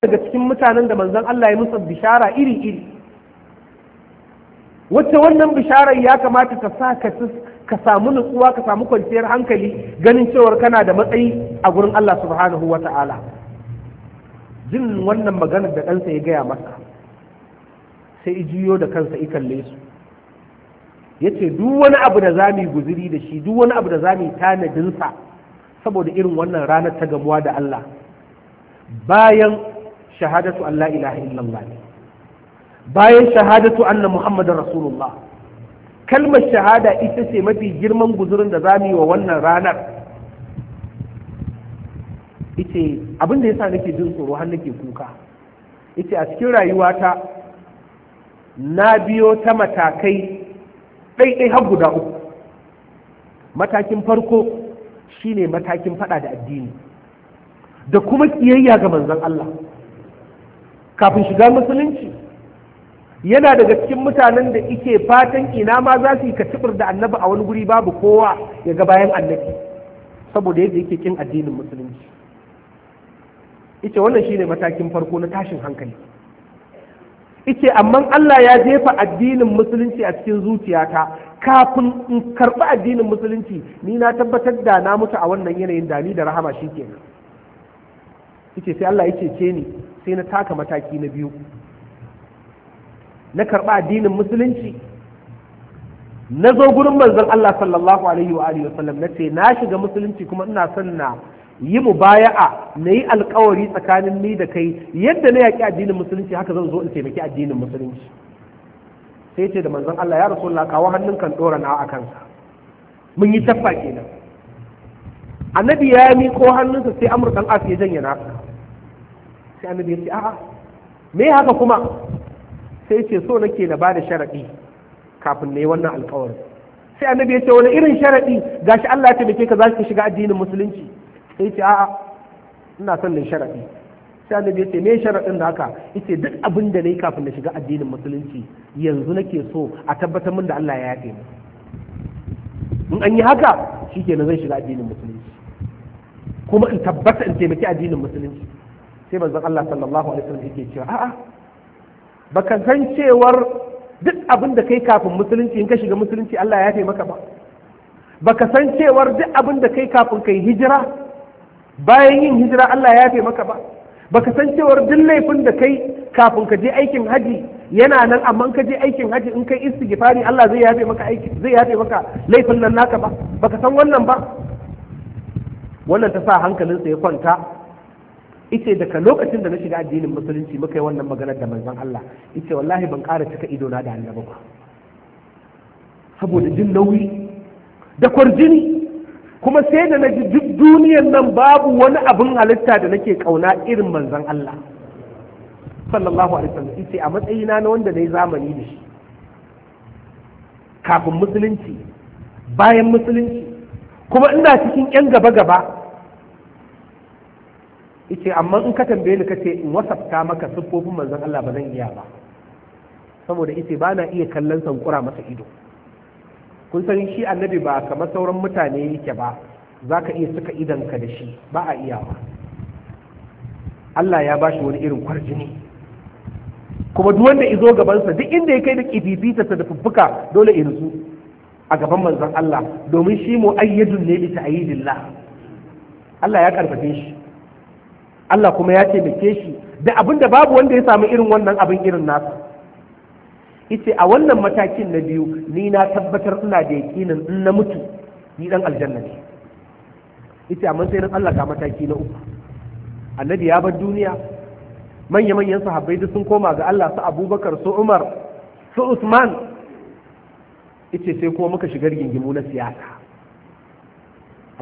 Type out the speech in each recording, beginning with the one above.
daga cikin mutanen da manzon Allah ya musu bishara iri-iri wacce wannan bisharar ya kamata ka sa ka ka samu nutsuwa ka samu kwanciyar hankali ganin cewar kana da matsayi a gurin Allah subhanahu wa ta'ala jin wannan maganar da ɗansa ya gaya masa sai juyo da kansa i kalle su ya ce duk wani abu da za mu yi guziri da shi duk wani abu da za mu yi tanadinsa saboda irin wannan ranar ta gamuwa da Allah bayan shahadatu an la ilaha illallah bayan shahadatu anna muhammadar rasulullah kalmar shahada ita ce mafi girman guzurin da za mu yi wa wannan ranar ita abin da yasa nake jin tsoro har nake kuka ita a cikin rayuwata na biyo ta matakai ɗaiɗai har guda uku matakin farko shine matakin fada da addini da kuma kiyayya ga manzon Allah kafin shiga musulunci yana daga cikin mutanen da ike fatan ina ma za su yi katibar da annabi a wani guri babu kowa ya ga bayan annabi saboda yadda yake kin addinin musulunci ita wannan shine matakin farko na tashin hankali ita amma Allah ya jefa addinin musulunci a cikin zuciyata kafin in karɓi addinin musulunci ni na tabbatar da na mutu a wannan yanayin da ni da rahama shikenan ita sai Allah ya cece ni sai na taka mataki na biyu na karɓa addinin musulunci na zo gurin manzon Allah sallallahu alaihi wa alihi wasallam na ce na shiga musulunci kuma ina son na yi mubaya'a na yi alkawari tsakanin ni da kai yadda na yaƙi addinin musulunci haka zan zo in taimaki addinin musulunci sai ce da manzon Allah ya rasulullah kawo hannun kan dora na a kansa mun yi tabba kenan annabi ya miƙo hannunsa sai amurkan as ya janye nasa sai annabi ya ce a'a me haka kuma sai ce so nake na bada sharaɗi kafin na yi wannan alkawari sai annabi ya ce wani irin sharaɗi gashi Allah ya taimake ka za shiga addinin musulunci sai ce a'a ina son na sharaɗi sai annabi ya ce me sharaɗin da haka yace duk abin da nayi kafin na shiga addinin musulunci yanzu nake so a tabbatar min da Allah ya yafe ni in an yi haka shikenan zai shiga addinin musulunci kuma in tabbata in taimaki addinin musulunci sai manzon Allah sallallahu alaihi wasallam yake cewa a'a baka san cewar duk abin da kai kafin musulunci in ka shiga musulunci Allah ya taimaka ba baka san cewar duk abin da kai kafin kai hijira bayan yin hijira Allah ya taimaka ba baka san cewar duk laifin da kai kafin ka je aikin haji yana nan amma ka je aikin haji in kai istighfari Allah zai yafe maka aiki zai yafe maka laifin nan naka ba baka san wannan ba wannan ta sa hankalinsa ya kwanta ita daga lokacin da na shiga addinin musulunci muka yi wannan maganar da manzon Allah ita wallahi ban ƙara cika ido na da annabi ba saboda jin nauyi da kwarjini kuma sai da na ji duk duniyar nan babu wani abin halitta da nake kauna irin manzon Allah sallallahu alaihi wasallam ita a matsayina na wanda na yi zamani da shi kafin musulunci bayan musulunci kuma ina cikin 'yan gaba-gaba ce amma in ka tambaye ni kace in wasafta maka siffofin manzon Allah ba zan iya ba saboda ita ba na iya kallon sankura masa ido kun san shi annabi ba kamar sauran mutane yake ba zaka iya suka ka da shi ba a iya ba Allah ya bashi wani irin kwarjini kuma duk wanda izo gabansa duk inda ya kai da ta da fuffuka dole in su a gaban manzon Allah domin shi mu ayyadun ne bi ta'yidillah Allah ya karfafe shi Allah kuma ya taimake shi da abin da babu wanda ya samu irin wannan abin irin nasa Ice a wannan matakin na biyu ni na tabbatar ina da yakinin in na mutu ni dan aljanna ne amma sai nan Allah ga mataki na uku annabi ya bar duniya manya manyan sahabbai duk sun koma ga Allah su Abubakar su Umar su Usman Ice sai kuma muka shiga rigingimu na siyasa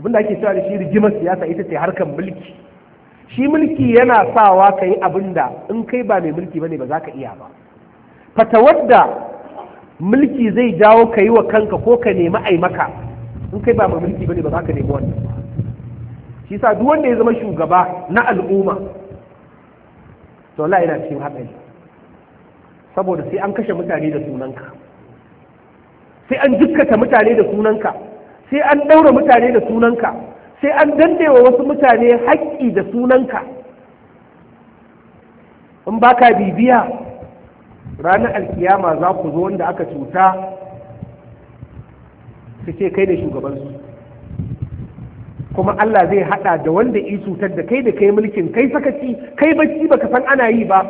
Abin da ake cewa da shi rigimar siyasa ita ce harkar mulki shi mulki yana sawa ka yi abin da in kai ba mai mulki bane ba za ka iya ba fata wadda mulki zai jawo ka yi wa kanka ko ka nemi aimaka. in kai ba mai mulki bane ba za ka nemi wannan shi sa duk wanda ya zama shugaba na al'umma to Allah yana cikin haɗari saboda sai an kashe mutane da sunanka sai an jikkata mutane da sunanka sai an ɗaura mutane da sunanka sai an dande wa wasu mutane haƙƙi da sunanka in baka bibiya ranar alkiyama za ku zo wanda aka cuta su ce kai da shugabansu kuma Allah zai haɗa da wanda i cutar da kai da kai mulkin kai sakaci kai bacci baka san ana yi ba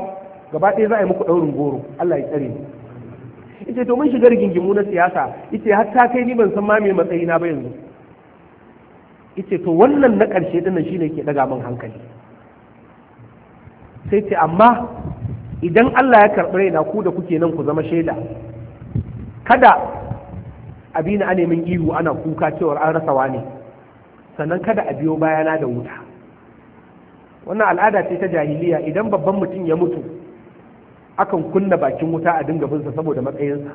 gaba ɗaya za a yi muku ɗaurin goro Allah ya tsare ni ita domin shigar shiga rigingimu na siyasa ita har ta kai ni ban san ma me matsayina ba yanzu ita to wannan na ƙarshe dinnan shine ke ɗaga min hankali sai ce amma idan Allah ya karɓi raina ku da kuke nan ku zama shaida kada abina a nemin ihu ana kuka cewar an rasa wani, sannan kada a biyo bayana da wuta wannan al'ada ce ta jahiliya idan babban mutum ya mutu akan kunna bakin wuta a dinga binsa saboda matsayinsa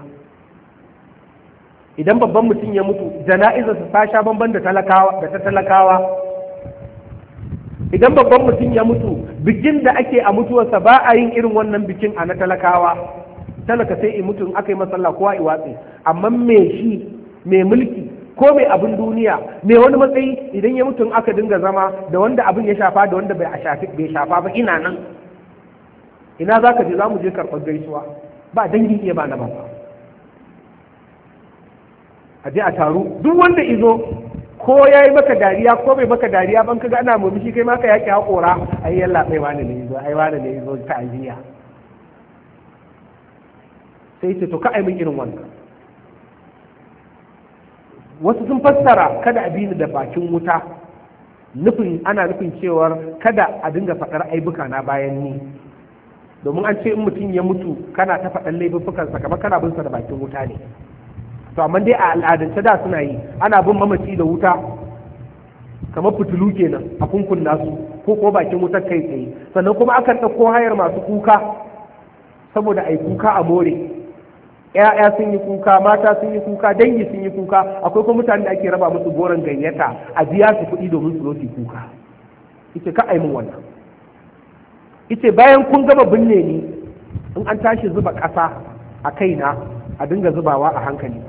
idan babban mutum ya mutu jana'izarsa ta sha bamban da talakawa da ta talakawa idan babban mutum ya mutu bikin da ake a mutuwarsa ba a yin irin wannan bikin a na talakawa talaka sai in mutu in aka yi masalla kowa i watsi amma me shi me mulki ko mai abin duniya me wani matsayi idan ya mutu aka dinga zama da wanda abin ya shafa da wanda bai shafa ba ina nan ina za ka je za mu je karɓar gaisuwa ba dangin iya ba na ba a je a taru duk wanda izo ko ya yi maka dariya ko bai maka dariya ban kaga ana murmushi kai maka yaƙi hakora, ai yalla bai wani ne izo ai wani ne izo ajiya sai ce to ka ai irin wannan wasu sun fassara kada a bini da bakin wuta nufin ana nufin cewar kada a dinga faɗar aibuka na bayan ni domin an ce in mutum ya mutu kana ta faɗan laifuffukansa kamar kana bin sa da bakin wuta ne to amma dai a al'adance da suna yi ana bin mamaci da wuta kamar fitilu kenan a kunkunna su ko ko bakin wutar kai tsaye sannan kuma akan ɗauko hayar masu kuka saboda ai kuka a more ‘ya'ya sun yi kuka mata sun yi kuka dangi sun yi kuka akwai kuma mutane da ake raba musu goron gayyata a biya su kuɗi domin su zo su kuka ita ka aimin wannan ita bayan kun gama binne ni in an tashi zuba ƙasa a kaina a dinga zubawa a hankali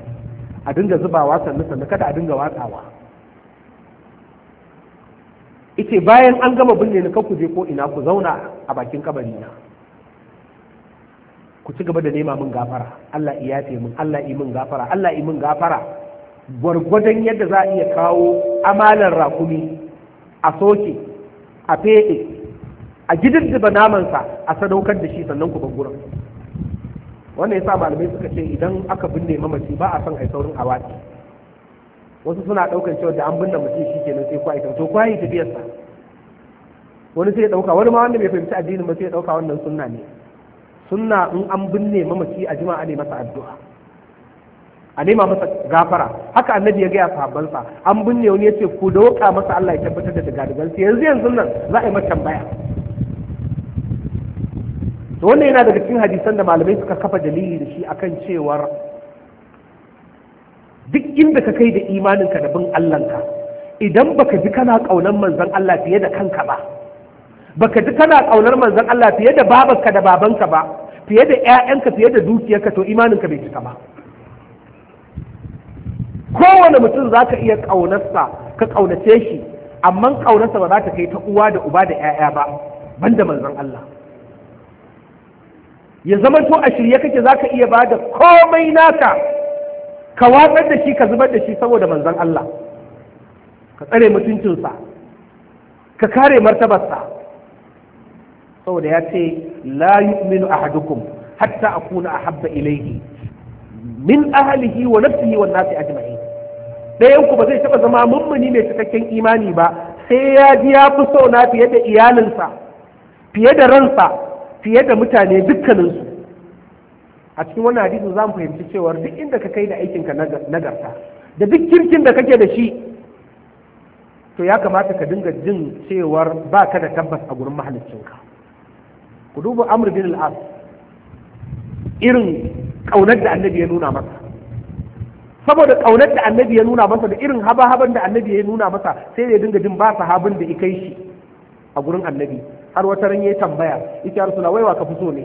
a dinga zubawa sannu sannu kada a dinga watsawa ita bayan an gama binne na ku je ko ina ku zauna a bakin kabari na ku ci gaba da nema min gafara Allah iya ce min Allah yi min gafara Allah yi min gafara gwargwadon yadda za a iya kawo amalan rakumi a soke a feɗe a gidin namansa a sadaukar da shi sannan ku bar wannan yasa malamai suka ce idan aka binne mamaci ba a son ai saurin awaki wasu suna daukan cewa da an binne mutum shi kenan sai kwaye to yi tafiyar sa wani sai ya dauka wani ma wanda bai fahimci addinin ba sai ya dauka wannan sunna ne sunna in an binne mamaci a jima'a ne masa addu'a a nema masa gafara haka annabi ya gaya sahabbansa an binne wani ya ce ku doka masa Allah ya tabbatar da daga daga yanzu yanzu nan za a yi masa tambaya to wannan yana daga cikin hadisan da malamai suka kafa dalili da shi akan cewar duk inda ka kai da imaninka da bin allanka, idan baka ji kana kaunar manzon Allah fiye da kanka ba baka ji kana kaunar manzon Allah fiye da babanka da babanka ba fiye da ƴaƴanka fiye da dukiyarka to imaninka bai cika ba kowane mutum za ka iya ƙaunarsa ka ƙaunace shi amma ƙaunarsa ba za ta kai ta uwa da uba da 'ya'ya ba banda manzon Allah ya zama to a shirye kake za ka iya bada komai naka ka watsar da shi ka zubar da shi saboda manzon Allah ka tsare mutuncinsa ka kare martabarsa saboda ya ce la yu'minu ahadukum hatta akuna ahabba ilayhi min ahlihi wa nafsihi wan nasi ajma'in dayan ku ba zai taba zama mummuni mai cikakken imani ba sai ya ji ya fi so na fiye da iyalinsa fiye da ransa fiye da mutane dukkaninsu a cikin wannan hadisin za mu fahimci cewa duk inda ka kai da aikinka nagarta da duk kirkin da kake da shi to ya kamata ka dinga jin cewar ba ka da tabbas a gurin mahaliccinka ku duba amr bin al'as irin ƙaunar da annabi ya nuna masa saboda ƙaunar da annabi ya nuna masa da irin haba-haban da annabi ya nuna masa sai dai ya dinga jin ba sahabin da ikai shi a gurin annabi har wata ran yayi tambaya yace ya rasulullah waiwa ka fi so ne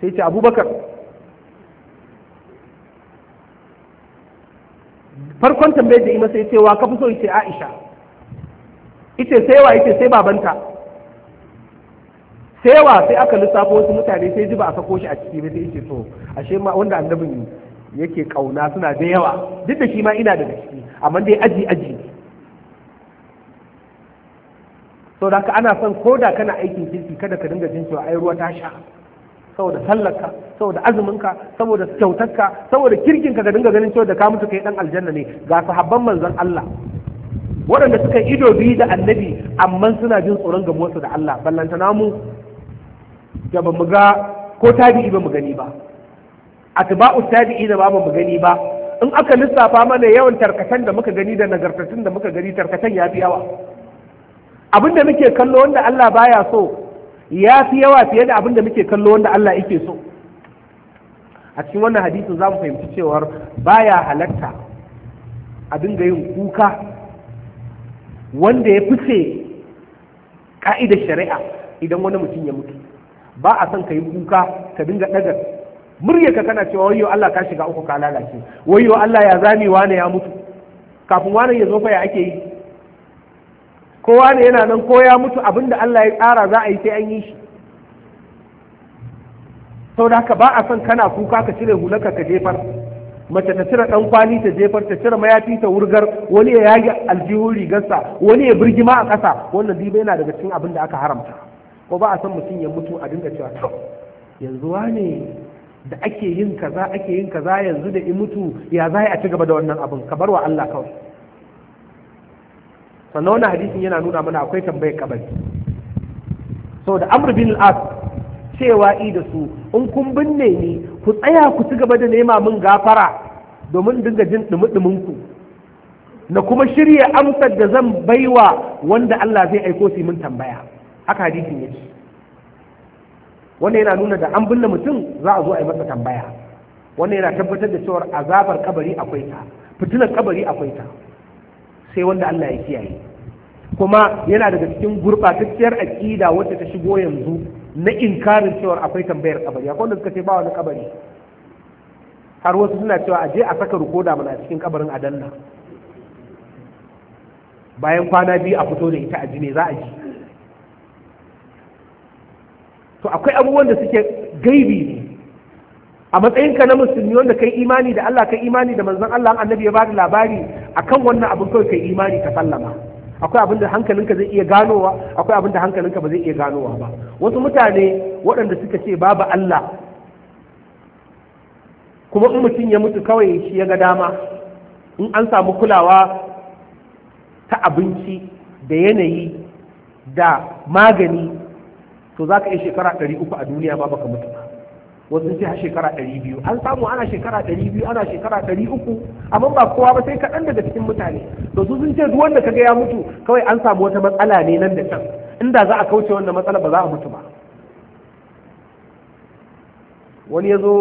sai yace abubakar farkon tambayar da ima sai ce wa ka fi so yace aisha yace sai wa yace sai babanta sai wa sai aka lissafo wasu mutane sai ji ba a sako shi a ciki ba sai yace to ashe ma wanda annabin yake kauna suna da yawa duk da shi ma ina da ciki amma dai aji aji sau da ana son ko da kana aikin kirki kada ka dinga jin cewa ai ruwa ta sha saboda sallarka saboda azuminka saboda kyautarka saboda kirkinka ka dinga ganin cewa da ka mutu kai dan aljanna ne ga sahabban manzon Allah waɗanda suka ido biyu da annabi amma suna jin tsoron gamuwarsu da Allah ballanta namu da ba mu ga ko tabi'i ba mu gani ba atba'u tabi'i da ba mu gani ba in aka lissafa mana yawan tarkatan da muka gani da nagartatun da muka gani tarkatan ya fi yawa abin da muke kallo wanda Allah baya so ya fi yawa fiye da abinda muke kallo wanda Allah yake so a cikin wannan hadisin za mu fahimci cewar baya halatta a dinga yin kuka wanda ya fice ka'idar shari'a idan wani mutum ya mutu ba a son ka yi kuka ka dinga ɗaga muryarka kana cewa wayo Allah ka shiga uku ka lalace wayo Allah ya zamewa ne ya mutu kafin wanan ya zo fa ya ake yi kowa ne yana nan ko ya mutu abin da Allah ya tsara za a yi sai an yi shi sau da haka ba a son kana kuka ka cire hulaka ka jefar mace ta cire ɗan kwali ta jefar ta cire mayafi ta wurgar wani ya yage aljihun rigarsa wani ya birgi ma a ƙasa wannan diba yana daga cikin abin da aka haramta ko ba a son mutum ya mutu a dinga cewa to yanzu wane da ake yin kaza ake yin kaza yanzu da in mutu ya za a ci gaba da wannan abin ka bar wa Allah kawai sannan wannan hadisin yana nuna mana akwai tambayar kabari saboda amr bin al'as cewa i da su in kun binne ni ku tsaya ku ci gaba da nema min gafara domin dinga jin dumi-dumin na kuma shirya amsar da zan baiwa wanda Allah zai aiko su min tambaya haka hadisin yake wannan yana nuna da an binne mutum za a zo a yi masa tambaya wannan yana tabbatar da cewar azabar kabari akwai ta fitilar kabari akwai ta sai wanda Allah ya kiyaye kuma yana daga cikin gurɓatacciyar aƙida wacce ta shigo yanzu na inkarin cewar akwai tambayar kabari akwai wanda suka ce ba wani kabari har wasu suna cewa aje a saka rukoda mana a cikin kabarin a danna bayan kwana biyu a fito da ita a ji za a ji to akwai abubuwan da suke gaibi ne a matsayinka na musulmi wanda kai imani da Allah kai imani da manzon Allah annabi ya ba da labari akan wannan abin kawai kai imani ka sallama akwai abin da hankalinka zai iya ganowa akwai abin da hankalinka ba zai iya ganowa ba wasu mutane waɗanda suka ce babu Allah kuma in mutum ya mutu kawai shi ya ga dama in an samu kulawa ta abinci da yanayi da magani to za ka yi shekara ɗari uku a duniya ba baka mutu ba wasu sai a shekara ɗari biyu an samu ana shekara ɗari biyu ana shekara ɗari uku amma ba kowa ba sai kaɗan daga cikin mutane to su sun ce duk wanda kaga ya mutu kawai an samu wata matsala ne nan da can inda za a kauce wannan matsala ba za a mutu ba wani ya zo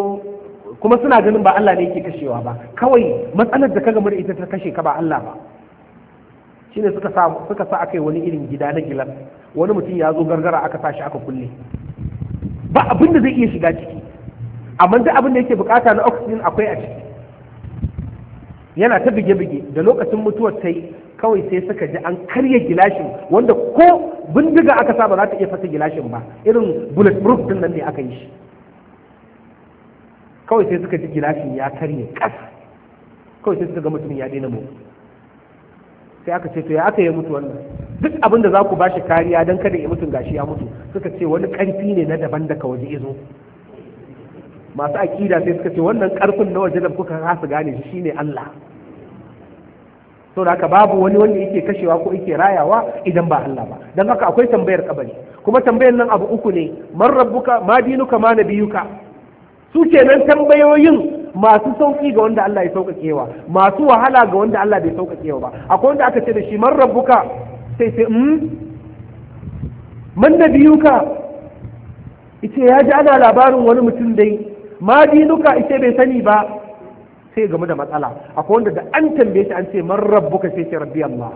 kuma suna ganin ba Allah ne yake kashewa ba kawai matsalar da ka gamu ita ta kashe ka ba Allah ba shine suka sa suka sa akai wani irin gida na gilan wani mutum ya zo gargara aka sa shi aka kulle ba abin da zai iya shiga ciki amma duk abin da yake bukata na oxygen akwai a ciki yana ta bige-bige da lokacin mutuwar ta yi kawai sai suka ji an karya gilashin wanda ko bindiga aka saba za ta iya fasa gilashin ba irin bulletproof din nan ne aka yi shi kawai sai suka ji gilashin ya karye kas kawai sai suka ga mutum ya daina motsi sai aka ce to ya aka yi mutu wannan duk abin da za ku ba shi kariya don kada ya mutu gashi ya mutu suka ce wani karfi ne na daban daga waje izo masu aƙida sai suka ce wannan ƙarfin na waje da kuka kasa gane shi shine Allah da haka babu wani wanda yake kashewa ko yake rayawa idan ba Allah ba dan haka akwai tambayar kabari kuma tambayar nan abu uku ne man rabbuka ma dinuka ma nabiyuka su kenan tambayoyin masu sauki ga wanda Allah ya sauƙaƙewa masu wahala ga wanda Allah bai sauƙaƙewa ba akwai wanda aka ce da shi man rabbuka sai sai um mm? man nabiyuka ita ya ji ana labarin wani mutum dai Madinuka dinuka ita bai sani ba sai game da matsala akwai wanda da an tambaye shi an ce man rabbuka sai ce rabbi Allah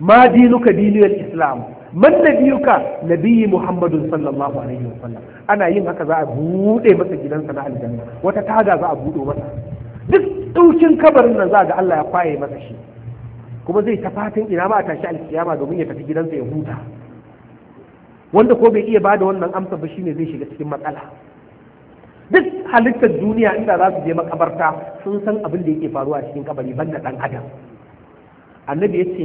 ma diniyar islam man nabiyuka nabiyyi muhammadun sallallahu alaihi wa sallam ana yin haka za a bude masa gidansa na aljanna wata taga za a bude masa duk dukin kabarin nan za ga Allah ya kwaye masa shi kuma zai ta fatan ina ma a tashi alkiyama domin ya tafi gidansa ya huta wanda ko bai iya bada wannan amsa ba shine zai shiga cikin matsala duk halittar duniya inda za su je makabarta sun san abin da yake faruwa cikin kabari da dan adam annabi ya ce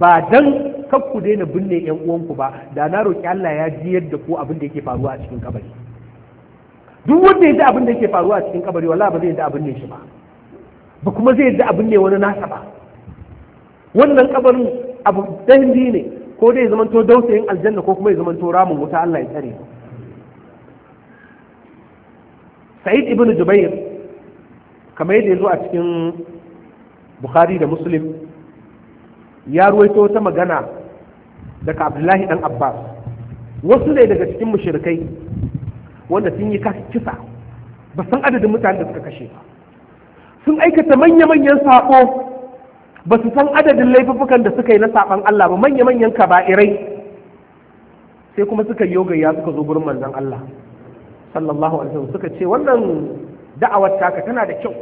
ba dan kakku daina binne yan uwanku ba da na roki Allah ya ji yadda ko abin da yake faruwa a cikin kabari duk wanda ya ji abin da yake faruwa a cikin kabari wallahi ba zai ji abin ne shi ba ba kuma zai ji abin ne wani nasa ba wannan kabarin abu dan ne ko dai ya zamanto dausayin aljanna ko kuma ya zamanto ramin wuta Allah ya tsare Sa'id ibn Jubair kamar yadda ya zo a cikin Bukhari da Muslim ya ruwaito ta magana daga Abdullahi dan Abbas wasu ne daga cikin mushrikai wanda sun yi kisa ba san adadin mutanen da suka kashe ba sun aikata manya-manyan sako ba su san adadin laifukan da suka yi na saban Allah ba manya-manyan kaba'irai sai kuma suka yi ya suka zo gurin manzon Allah sallallahu alaihi wasallam suka ce wannan da'awar taka tana da kyau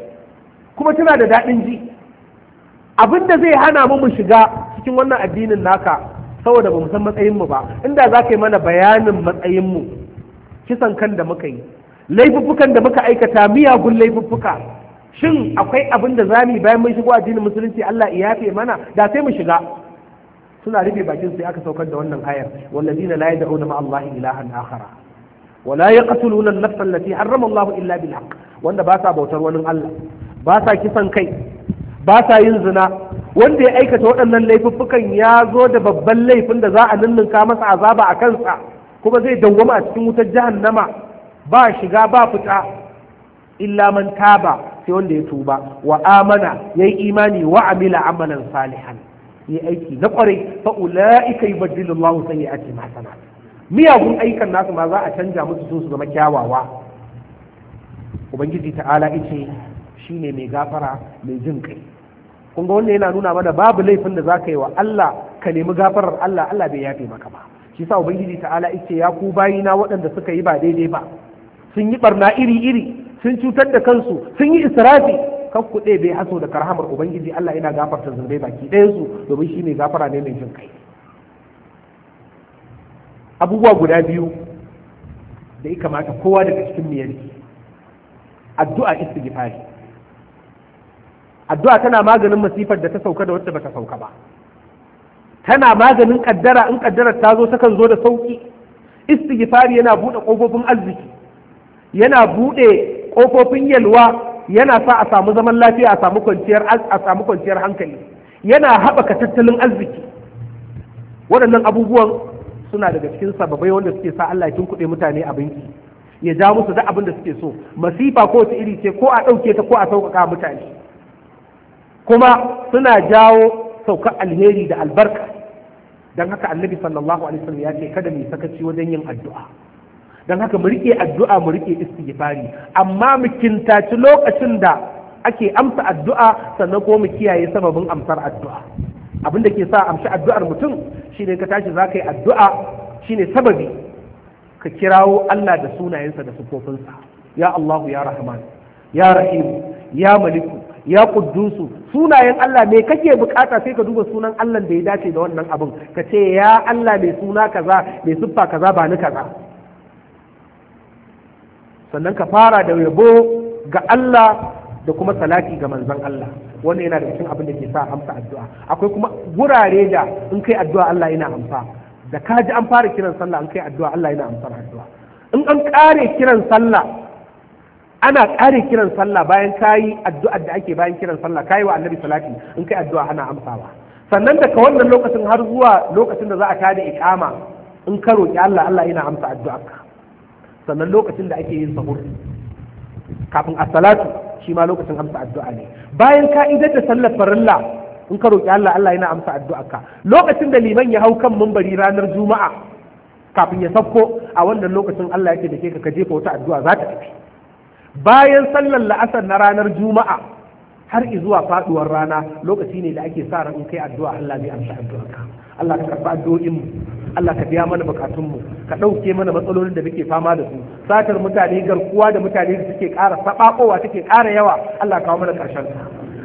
kuma tana da daɗin ji abin da zai hana mu mu shiga cikin wannan addinin naka saboda ba mu san matsayinmu ba inda za ka yi mana bayanin matsayinmu kisan kan da muka yi laifuffukan da muka aikata miyagun laifuffuka shin akwai abin da za mu yi bayan mun shigo addinin musulunci Allah ya yafe mana da sai mu shiga suna rufe bakin sai aka saukar da wannan ayar wallazina la yad'una ma Allah ilahan akhara wala yaqtuluna an-nafs allati harrama Allah illa bil haqq wanda ba sa bautar wani Allah ba sa kisan kai ba sa yin zina wanda ya aikata waɗannan laifuffukan ya zo da babban laifin da za a ninninka masa azaba a kansa kuma zai dawwama a cikin wutar jahannama ba shiga ba fita illa man taba sai wanda ya tuba wa amana yayi imani wa amila amalan salihan yi aiki na kwarai fa ulaika yubaddilu Allahu sayyi'atihim hasanat miyagun aikan nasu ma za a canja musu su su zama kyawawa ubangiji ta'ala yace shine mai gafara mai jin kai kun ga wannan yana nuna mana babu laifin da zaka yi wa Allah ka nemi gafarar Allah Allah bai yafe maka ba shi sa ubangiji ta'ala yace ya ku bayina waɗanda suka yi ba daidai ba sun yi barna iri iri sun cutar da kansu sun yi israfi kan kuɗe bai haso da karhamar ubangiji Allah yana gafarta zunubai baki ɗayan su domin shi ne gafara ne mai jin kai abubuwa guda biyu da ya kamata kowa daga cikin miyar addu'a istighfari addu'a tana maganin masifar da ta sauka da wacce bata sauka ba tana maganin kaddara in kaddarar ta zo takan zo da sauki istighfari yana buɗe ƙofofin arziki yana buɗe ƙofofin yalwa yana sa a samu zaman lafiya a samu kwanciyar a samu kwanciyar hankali yana haɓaka tattalin arziki waɗannan abubuwan suna daga cikin sababai wanda suke sa Allah ya kuɗe mutane a banki ya ja musu da abin da suke so masifa ko ta iri ce ko a ɗauke ta ko a sauƙaƙa mutane kuma suna jawo saukar alheri da albarka don haka annabi sallallahu alaihi wasallam ya ce kada mu sakaci wajen yin addu'a don haka mu rike addu'a mu rike istighfari amma mu kintaci lokacin da ake amsa addu'a sannan kuma mu kiyaye sababin amsar addu'a abin da ke sa amshi addu'ar mutum shine ka tashi za ka yi addu'a shine sababi ka kirawo Allah da sunayensa da sufofinsa ya Allahu ya Rahman ya Rahim ya Maliku ya Quddusu sunayen Allah me kake bukata sai ka duba sunan Allah da ya dace da wannan abin ka ce ya Allah mai suna kaza mai siffa kaza ba ni kaza sannan ka fara da yabo ga Allah da kuma salati ga manzon Allah wannan yana da cikin abin da ke sa amsa addu'a akwai kuma wurare da in kai addu'a Allah yana amsa da ka ji an fara kiran sallah in kai addu'a Allah yana amsar addu'a in an kare kiran sallah ana kare kiran sallah bayan kayi addu'a da ake bayan kiran sallah kai wa annabi salati in kai addu'a ana amsawa sannan daga wannan lokacin har zuwa lokacin da za a tada ikama in ka roki Allah Allah yana amsa addu'arka sannan lokacin da ake yin sahur kafin as-salatu shi ma lokacin amsa addu'a ne bayan ka idar da sallar farilla in ka roki Allah Allah yana amsa ka lokacin da liman ya hau kan mambari ranar juma'a kafin ya sauko a wannan lokacin Allah yake da ke ka jefa wata addu'a za ta tafi bayan sallar la'asar na ranar juma'a har zuwa faduwar rana lokaci ne da ake sa ran in kai addu'a Allah zai amsa addu'arka Allah ka karɓi addu'o'in mu Allah ka biya mana bukatunmu ka ɗauke mana matsalolin da muke fama da su satar mutane garkuwa da mutane da suke ƙara saɓaƙowa take ƙara yawa Allah kawo mana ƙarshen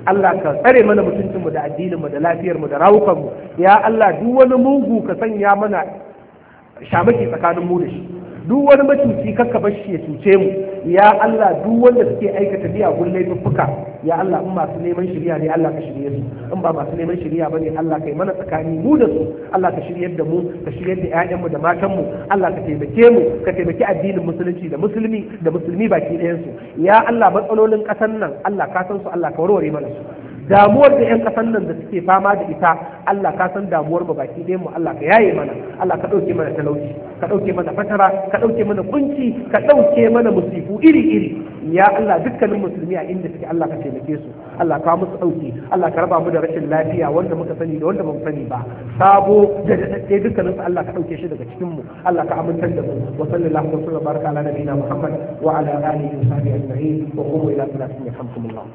Allah ka tsare mana mutuncinmu da addininmu da lafiyarmu da rawukanmu ya Allah duk wani mugu ka sanya mana shamaki tsakanin mu da shi duk wani macuci kakka bar shi ya cuce mu ya Allah duk wanda suke aikata miyagun laifuffuka ya Allah in masu neman shirya ne Allah ka shirye su in ba masu neman shirya bane Allah kai mana tsakani mu da su Allah ka shiryar da mu ka shiryar da mu da matan mu Allah ka taimake mu ka taimaki addinin musulunci da musulmi da musulmi baki ɗayan su ya Allah matsalolin ƙasar nan Allah ka san su Allah ka warware mana su damuwar da 'yan kasan nan da suke fama da ita Allah ka san damuwar ba baki ɗaya mu Allah ka yaye mana Allah ka ɗauke mana talauci ka ɗauke mana fatara ka ɗauke mana kunci ka ɗauke mana musifu iri iri ya Allah dukkanin musulmi a inda suke Allah ka taimake su Allah ka musu ɗauki Allah ka raba mu da rashin lafiya wanda muka sani da wanda ba mu sani ba sabo da daɗaɗɗe dukkanin su Allah ka ɗauke shi daga cikin mu Allah ka amintar da mu wa sallallahu alaihi wa baraka ala nabiyina Muhammad wa ala alihi wa sahbihi ajma'in wa qumu ila salatin yarhamkumullah